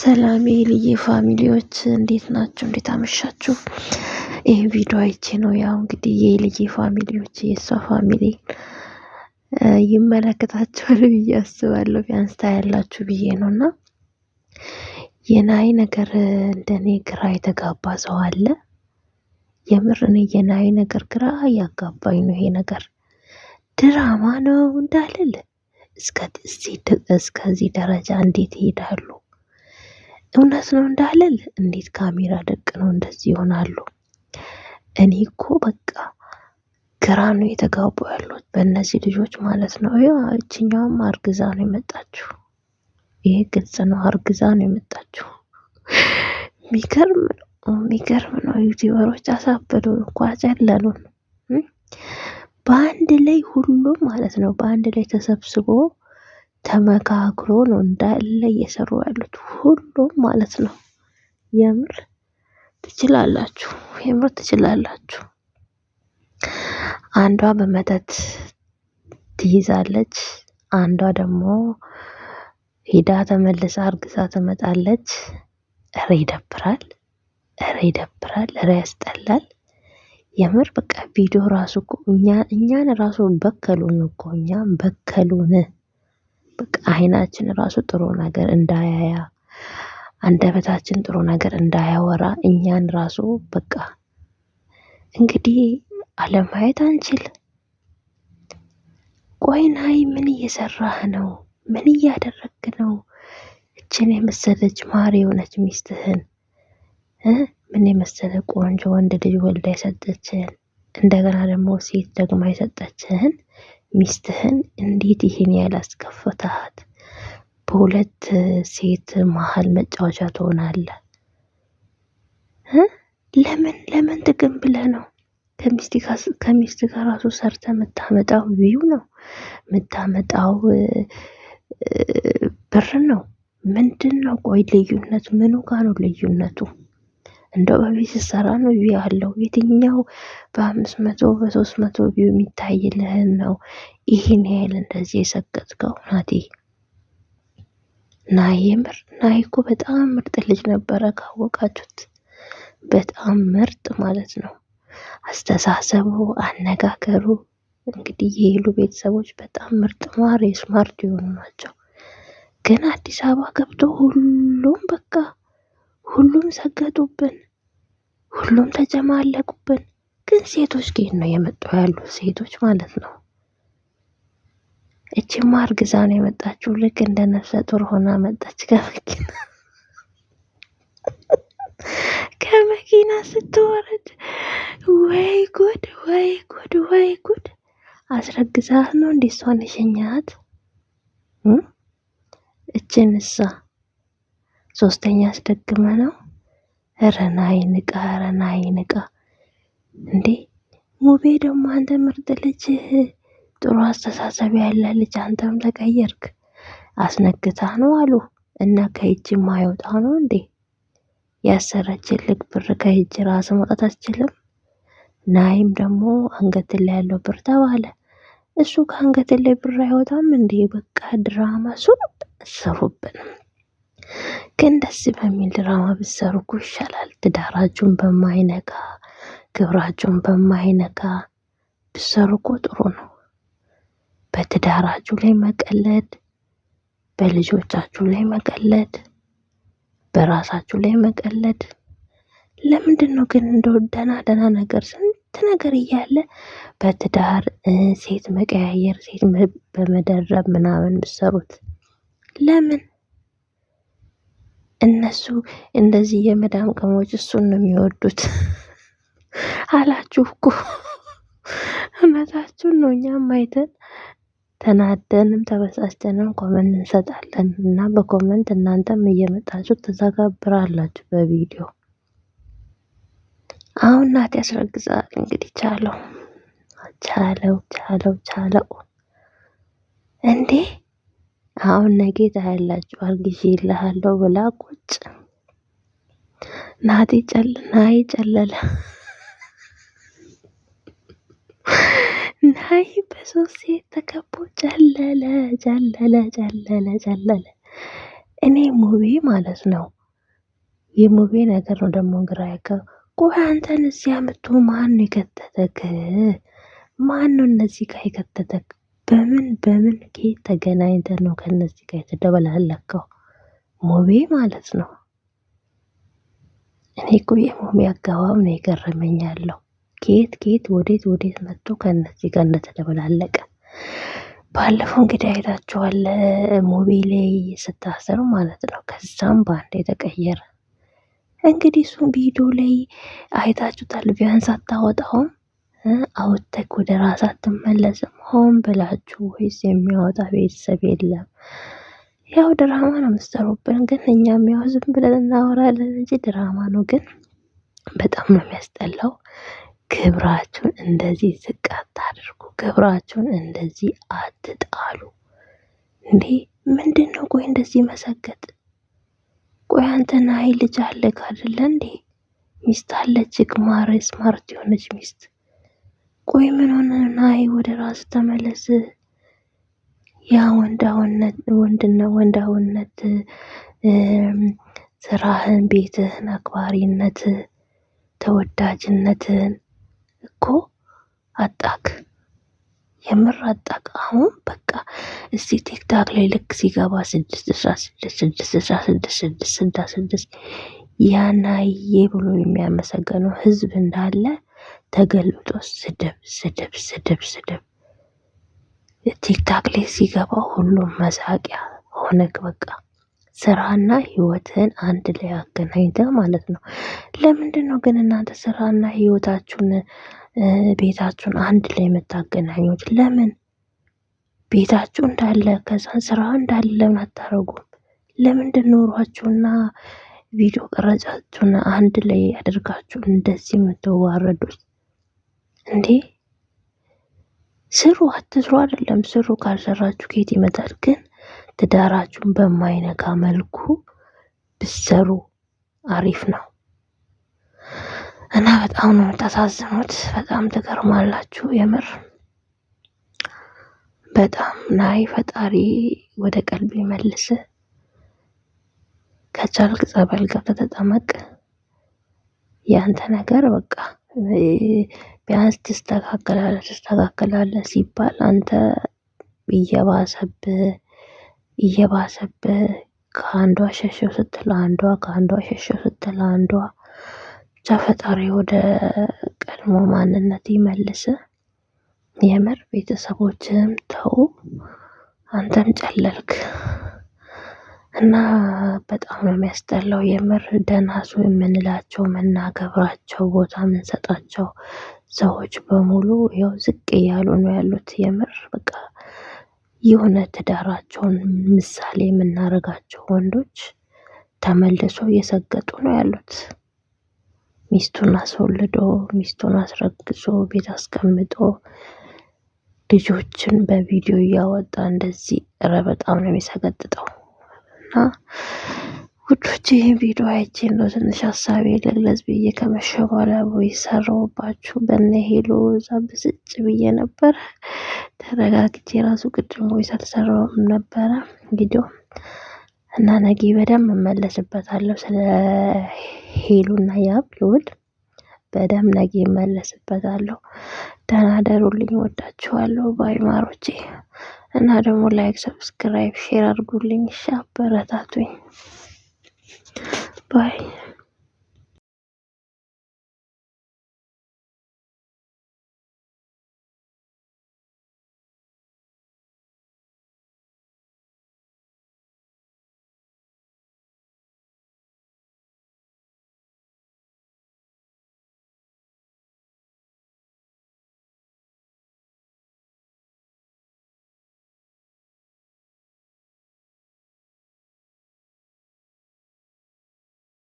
ሰላም ልዬ ፋሚሊዎች እንዴት ናችሁ? እንዴት አመሻችሁ? ይህ ቪዲዮ አይቼ ነው ያው እንግዲህ የልዬ ፋሚሊዎች የእሷ ፋሚሊ ይመለከታቸዋል ብዬ አስባለሁ። ቢያንስ ታያላችሁ ብዬ ነው እና የናይ ነገር እንደኔ ግራ የተጋባ ሰው አለ። የምር እኔ የናይ ነገር ግራ እያጋባኝ ነው። ይሄ ነገር ድራማ ነው እንዳልል እስከዚህ ደረጃ እንዴት ይሄዳሉ? እውነት ነው እንዳልል እንዴት ካሜራ ደቅ ነው እንደዚህ ይሆናሉ? እኔ እኮ በቃ ግራ ነው የተጋቡ ያሉት በእነዚህ ልጆች ማለት ነው። እችኛውም አርግዛ ነው የመጣችሁ። ይሄ ግልጽ ነው፣ አርግዛ ነው የመጣችው። ሚገርም ነው፣ ሚገርም ነው። ዩቲዩበሮች አሳበዱን እኮ አጨለሉን። በአንድ ላይ ሁሉም ማለት ነው በአንድ ላይ ተሰብስቦ ተመካክሮ ነው እንዳለ እየሰሩ ያሉት ሁሉም ማለት ነው። የምር ትችላላችሁ፣ የምር ትችላላችሁ። አንዷ በመተት ትይዛለች፣ አንዷ ደግሞ ሄዳ ተመልሳ እርግዛ ትመጣለች። እረ ይደብራል፣ እረ ይደብራል፣ እረ ያስጠላል። የምር በቃ ቪዲዮ ራሱ እኛ እኛን ራሱ በከሉን እኮ እኛም በከሉን። በቃ አይናችን ራሱ ጥሩ ነገር እንዳያያ አንደበታችን ጥሩ ነገር እንዳያወራ እኛን ራሱ በቃ እንግዲህ አለማየት አንችል። ቆይ ናይ ምን እየሰራህ ነው? ምን እያደረግ ነው? እችን የመሰለች ማር የሆነች ሚስትህን ምን የመሰለ ቆንጆ ወንድ ልጅ ወልዳ የሰጠችህን እንደገና ደግሞ ሴት ደግማ የሰጠችህን ሚስትህን እንዴት ይህን ያህል አስከፍተሃት? በሁለት ሴት መሀል መጫወቻ ትሆናለህ። ለምን ለምን ጥቅም ብለህ ነው? ከሚስት ጋር ራሱ ሰርተ የምታመጣው ቪው ነው የምታመጣው ብር ነው። ምንድን ነው ቆይ ልዩነቱ ምኑ ጋር ነው ልዩነቱ? እንደው በቤት ስትሰራ ነው ያለው የትኛው በአምስት መቶ በሶስት መቶ ቪው የሚታይልህን ነው ይህን ያህል እንደዚህ የሰቀጥከው ናቲ ናይ የምር ናይ እኮ በጣም ምርጥ ልጅ ነበረ ካወቃችሁት በጣም ምርጥ ማለት ነው አስተሳሰቡ አነጋገሩ እንግዲህ የሄሉ ቤተሰቦች በጣም ምርጥ ማር ስማርት የሆኑ ናቸው ግን አዲስ አበባ ገብቶ ሁሉም በቃ ሁሉም ሰገጡብን፣ ሁሉም ተጨማለቁብን። ግን ሴቶች ግን ነው የመጡ ያሉት ሴቶች ማለት ነው። እቺማ እርግዛ ነው የመጣችው። ልክ እንደ ነፍሰ ጡር ሆና መጣች ከመኪና ከመኪና ስትወረድ፣ ወይ ጉድ፣ ወይ ጉድ፣ ወይ ጉድ! አስረግዛት ነው እንዴ እሷን የሸኛት እችን እሳ ሶስተኛ አስደግመ ነው። ረናይ ንቃ፣ ረናይ ንቃ። እንዴ ሙቤ ደግሞ አንተ ምርጥ ልጅ፣ ጥሩ አስተሳሰብ ያለ ልጅ፣ አንተም ተቀየርክ። አስነግታ ነው አሉ እና ከእጅ ማይወጣ ነው እንዴ ያሰረች ልክ ብር ከእጅ ራስ መውጣት አትችልም። ናይም ደግሞ አንገት ላይ ያለው ብር ተባለ። እሱ ከአንገት ላይ ብር አይወጣም እንዴ? በቃ ድራማ ሱ ስሩብን። ግን ደስ በሚል ድራማ ብትሰሩ እኮ ይሻላል። ትዳራችሁን በማይነካ ክብራችሁን በማይነካ ብትሰሩ እኮ ጥሩ ነው። በትዳራችሁ ላይ መቀለድ፣ በልጆቻችሁ ላይ መቀለድ፣ በራሳችሁ ላይ መቀለድ ለምንድን ነው ግን እንደው ደህና ደህና ነገር ስንት ነገር እያለ በትዳር ሴት መቀያየር ሴት በመደረብ ምናምን ብትሰሩት ለምን? እነሱ እንደዚህ የመዳም ቅመሞች እሱን ነው የሚወዱት አላችሁ እኮ እውነታችሁን ነው። እኛም አይተን ተናደንም ተበሳጭተንም ኮመንት እንሰጣለን እና በኮመንት እናንተም እየመጣችሁ ተዘጋብራላችሁ በቪዲዮ አሁን ናት ያስረግዛል። እንግዲህ ቻለው ቻለው ቻለው ቻለው እንዴ አሁን ነገ ታያላችሁ አርግዤልሃለሁ ብላ ቁጭ ናቲ ጨል ናይ ጨለለ ናይ በሶስት ሴት ተከቦ ጨለለ ጨለለ ጨለለ ጨለለ። እኔ ሙቤ ማለት ነው የሙቤ ነገር ነው ደግሞ ግራ ያከ ቆይ አንተን እዚያ ምቶ ማን ነው የከተተክ? ማን ነው እነዚህ ጋር የከተተክ? በምን በምን ከየት ተገናኝተን ነው ከነዚህ ጋር የተደበላለቀው? ሞቤ ማለት ነው። እኔ እኮ የሞቤ አገባብ ነው የገረመኝ ያለው ከየት ከየት ወዴት ወዴት መጥቶ ከነዚህ ጋር እንደተደበላለቀ። ባለፈው እንግዲህ አይታችኋል ሞቤ ላይ ስታሰር ማለት ነው። ከዛም በአንድ የተቀየረ እንግዲህ እሱም ቪዲዮ ላይ አይታችሁታል። ቢያንስ አታወጣውም አውጥተህ ወደ ራስ አትመለስም። ሆን ብላችሁ ወይስ የሚያወጣ ቤተሰብ የለም። ያው ድራማ ነው የምትሰሩብን፣ ግን እኛም ያው ዝም ብለን እናወራለን እንጂ ድራማ ነው። ግን በጣም ነው የሚያስጠላው። ክብራችሁን እንደዚህ ዝቅ አታድርጉ። ክብራችሁን እንደዚህ አትጣሉ። እንዴ ምንድን ነው ቆይ እንደዚህ መሰገጥ? ቆይ አንተና አይ ልጅ አለክ አደለ እንዴ? ሚስት አለችክ፣ ማረ ስማርት የሆነች ሚስት ቆይ ምን ሆነ? ናይ ወደ ራስ ተመለስ። ያ ወንዳውነት ወንዳውነት ስራህን፣ ቤትህን፣ አክባሪነት፣ ተወዳጅነትን እኮ አጣክ። የምር አጣክ። አሁን በቃ እስቲ ቲክታክ ላይ ልክ ሲገባ ስድስት ስራ ስድስት ስድስት ስራ ስድስት ስድስት ስድስት ስድስት ያናዬ ብሎ የሚያመሰገነው ህዝብ እንዳለ ተገልብጦ ስድብ ስድብ ስድብ ስድብ ቲክታክ ላይ ሲገባ ሁሉም መሳቂያ ሆነክ በቃ ስራና ህይወትን አንድ ላይ አገናኝተ ማለት ነው። ለምንድን ነው ግን እናንተ ስራና ህይወታችሁን ቤታችሁን አንድ ላይ የምታገናኙት? ለምን ቤታችሁ እንዳለ ከዛ ስራ እንዳለ ለምን አታረጉም? ለምንድን ኖሯችሁና ቪዲዮ ቀረጫችሁን አንድ ላይ አድርጋችሁ እንደዚህ የምትዋረዱት? እንዴ ስሩ አትስሩ አይደለም። ስሩ ካልሰራችሁ ከየት ይመጣል? ግን ትዳራችሁን በማይነካ መልኩ ብሰሩ አሪፍ ነው እና በጣም ነው የምታሳዝኑት። በጣም ትገርማላችሁ የምር በጣም ናይ ፈጣሪ ወደ ቀልብ ይመልስ። ከቻልክ ጸበል ገብተህ ተጠመቅ። ያንተ ነገር በቃ ቢያንስ ትስተካከላለህ ትስተካከላለህ ሲባል አንተ እየባሰብህ እየባሰብህ ከአንዷ ሸሸው ስትል አንዷ ከአንዷ ሸሸው ስትል አንዷ ብቻ ፈጣሪ ወደ ቀድሞ ማንነት ይመልስ የምር ቤተሰቦችህም ተው አንተም ጨለልክ እና በጣም ነው የሚያስጠላው። የምር ደናሱ የምንላቸው የምናከብራቸው ቦታ የምንሰጣቸው ሰዎች በሙሉ ያው ዝቅ እያሉ ነው ያሉት። የምር በቃ የሆነ ትዳራቸውን ምሳሌ የምናደርጋቸው ወንዶች ተመልሶ እየሰገጡ ነው ያሉት። ሚስቱን አስወልዶ ሚስቱን አስረግዞ ቤት አስቀምጦ ልጆችን በቪዲዮ እያወጣ እንደዚህ። ረበጣም በጣም ነው የሚሰገጥጠው። እና ውዶች ይህ ቪዲዮ አይቼ እንደው ትንሽ ሀሳቤ ልግለጽ ብዬ ከመሸ በኋላ የሰራሁባችሁ በነ ሄሎ እዛ ብስጭ ብዬ ነበር። ተረጋግቼ የራሱ ቅድም ወይስ አልሰራውም ነበረ ቪዲዮ እና ነገ በደንብ እመለስበታለሁ። ስለ ሄሉና ያብ ልውል በደንብ ነገ እመለስበታለሁ። ደህና ደሩልኝ። ወዳችኋለሁ። ባይማሮቼ እና ደግሞ ላይክ፣ ሰብስክራይብ፣ ሼር አድርጉልኝ። እሺ አበረታቱኝ። ባይ